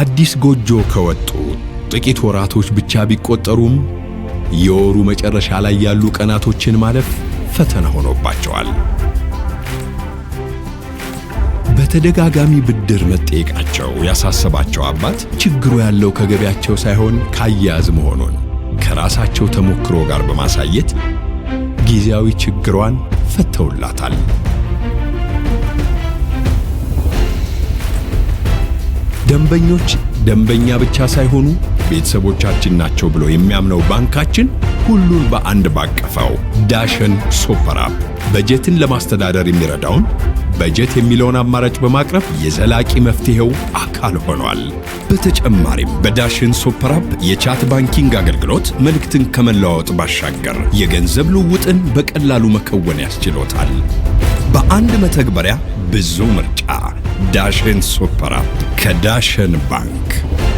አዲስ ጎጆ ከወጡ ጥቂት ወራቶች ብቻ ቢቆጠሩም የወሩ መጨረሻ ላይ ያሉ ቀናቶችን ማለፍ ፈተና ሆኖባቸዋል። በተደጋጋሚ ብድር መጠየቃቸው ያሳሰባቸው አባት ችግሩ ያለው ከገቢያቸው ሳይሆን ካያያዝ መሆኑን ከራሳቸው ተሞክሮ ጋር በማሳየት ጊዜያዊ ችግሯን ፈተውላታል። ደንበኞች ደንበኛ ብቻ ሳይሆኑ ቤተሰቦቻችን ናቸው ብሎ የሚያምነው ባንካችን ሁሉን በአንድ ባቀፈው ዳሸን ሱፐር አፕ በጀትን ለማስተዳደር የሚረዳውን በጀት የሚለውን አማራጭ በማቅረብ የዘላቂ መፍትሄው አካል ሆኗል። በተጨማሪም በዳሽን ሱፐር አፕ የቻት ባንኪንግ አገልግሎት መልእክትን ከመለዋወጥ ባሻገር የገንዘብ ልውውጥን በቀላሉ መከወን ያስችሎታል። በአንድ መተግበሪያ ብዙ ምርጫ ዳሽን ሱፐር አፕ ከዳሽን ባንክ